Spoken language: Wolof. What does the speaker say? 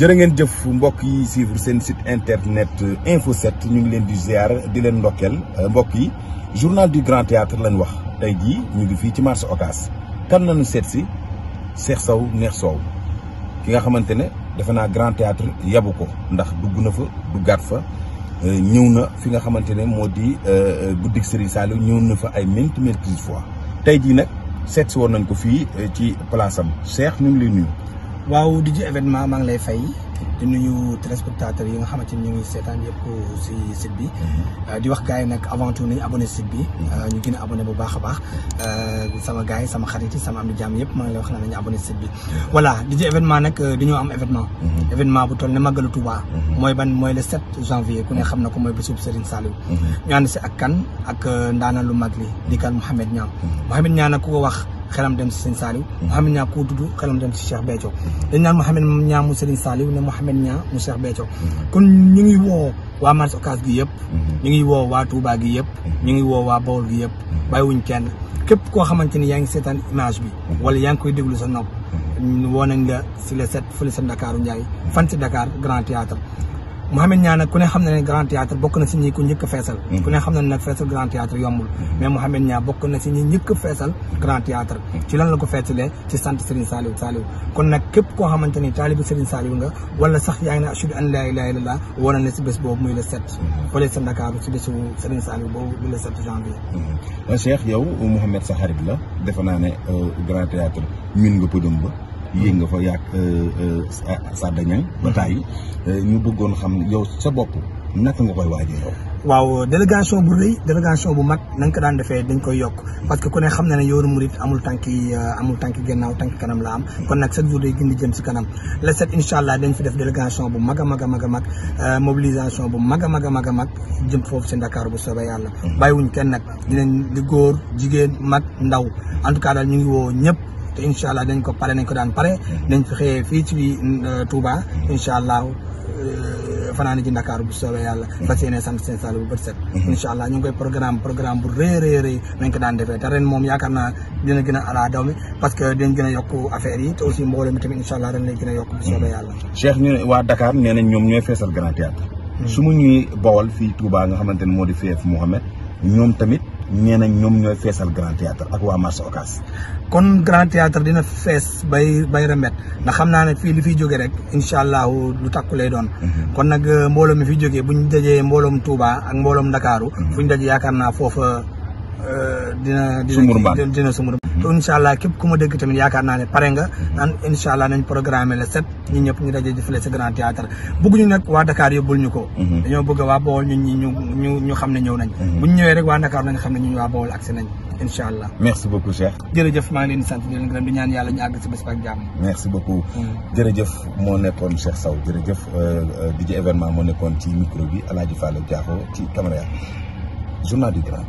jërë ngeen jëf mbokk yi suivre seen site internet info 7 ñu ngi leen di ziar di leen ndokkeel euh, mbokk yi journal du grand théâtre lañ wax tey jii ñu ngi fii ci marché Ocass kan lañu seet si Cheikh Sow Neex Soow ki nga xamante ne defe naa grand théâtre yabu ko ndax dugg na fa duggaat fa euh, ñëw na fi nga xamante ne moo di guddik euh, Serigne Saliou ñëw na fa ay maintes maintes fois tey jii nag seet si woon nañ ko fii ci place am Cheikh ñu ngi lay nuyu waaw di ji événement maa lay fay di nuyu téléspectateurs yi nga xamante ni ñu ngi seetaan yëpp si site bi mm-hmm. euh, di wax gars yi nag avant tout nañ abonné site bi mm-hmm. euh, ñu gën a abonné bu baax a baax euh, sama gars yi sama xarit yi sama am di jàmm yëpp maa ngi lay wax na nañu abonné site bi voilà di nag dañoo am événement mm-hmm. événement bu toll ne Màggalu Touba mooy ban mooy le 7 janvier ku ne xam na ko mooy bésub Serigne Saliou ñu ànd si ak kan ak ndaana lu mag li di kan Mouhamed Niang Mouhamed Niang nag ko wax xelam dem si sëñ Saliou Mouhamed Niang koo tudd xelam dem si Cheikh Béthio dañ naan Mouhamed Niang mu Serigne Saliou ne Mouhamed Niang mu Cheikh Béthio kon ñu ngi woo waa marché Ocass gi yëpp ñu ngi woo waa Touba gi yëpp ñu ngi woo waa Bawol gi yëpp bàyyiwuñ kenn képp koo xamante ni yaa ngi seetaan image bi wala yaa ngi koy déglu sa nopp woo nañ nga si le sept fële sa ndakaaru Ndiaye fan si Dakar Grand Théâtre Mouhamed Niang nag ku ne xam na ne grand théâtre bokk na si ñi ku njëkk a feesal mm. ku ne xam na ne nag feesal grand théâtre yombul mm-hmm. mais Mouhamed Niang bokk na si ñi njëkk a feesal grand théâtre mm. ci lan la ko feesalee ci sant Serigne Saliou Saliou kon nag képp koo xamante ni taalibi Serigne Saliou nga wala sax yaa ngi ne ashhadu an laa ilaaha illallaah war na si bés boobu muy le sept mm-hmm. fële sa Ndakaaru si bésu Serigne Saliou boobu muy le sept janvier mm-hmm. Cheikh yow Mouhamed sa la defe naa ne euh, grand yéeg nga fa yàgg euh, euh, Sada Niang ba mm-hmm. tàyyi euh, ñu bëggoon xam yow sa bopp naka nga koy waajee yow. waaw délégation bu rëy délégation bu mag na ko daan defee dañ koy yokk mm-hmm. parce que ko ne xam na ne yoonu murit amul tànki amul tànki gannaaw tànki kanam la am mm-hmm. kon nag chaque jour day gën di si kanam la set incha allah dañ fi def délégation bu mag a mag a mag a mag mobilisation bu mag a mag a mag a mag jëm foofu si Ndakaaru bu soobee yàlla bàyyiwuñ kenn nag dinañ di góor jigéen mag ndaw en tout cas ñu ngi woo ñëpp te incha allah dañ ko pare nañ ko daan pare dañ fi xëyee fii ci euh, Touba incha allah euh, fanaani ji Ndakaaru bu soobee yàlla mm-hmm. fas yéene sant seen sall bu bët set mm-hmm. incha allah ñu ngi koy programme programme bu rëy rëy nañ ko daan defee te ren moom yaakaar naa dina gën a ala daw mi parce que dinañ gën a yokk affaire yi te aussi mbooloo mi tamit incha allah ren lañ gën a yokk bu soobee mm-hmm. yàlla Cheikh ñu waa Dakar nee ñoom ñooy feesal Grand Théâtre su ma ñuy bawal fii Touba nga xamante ne moo di feef Mouhamed ñoom tamit nee nañ ñoom ñooy feesal grand théâtre ak waa marché kon grand théâtre dina fees bay bay remet ndax xam naa ne fii li fiy jóge rek incha allahu lu takku lay doon mhm. kon nag mbooloo mi fi jógee bu ñu dajee mbooloom Touba ak mbooloom Ndakaaru mhm. fu ñu daj yaakaar naa foofa dina dina dina mm-hmm. allah képp ku ma dégg tamit yaakaar naa ne pare nga naan incha allah nañ programme le set ñu ñëpp ñu daje jëfale si grand théâtre bëgguñu nag waa Dakar yóbbul ñu ko mm-hmm. dañoo bëgg waa Bawol ñun ñi ñu ñu ñu xam ne ñëw nañ mm-hmm. bu ñu ñëwee rek waa Dakar na nga xam ne ñu waa Bawol agsi nañ incha allah merci beaucoup Cheikh jërëjëf maa ngi di sant di ñaan yàlla ñu àgg si bés ak jàmm merci beaucoup mm. jërëjëf moo nekkoon Cheikh Sow jërëjëf euh, euh, DJ événement moo nekkoon ci micro bi Alaaji Fallou Diakho ci caméra journal du Grand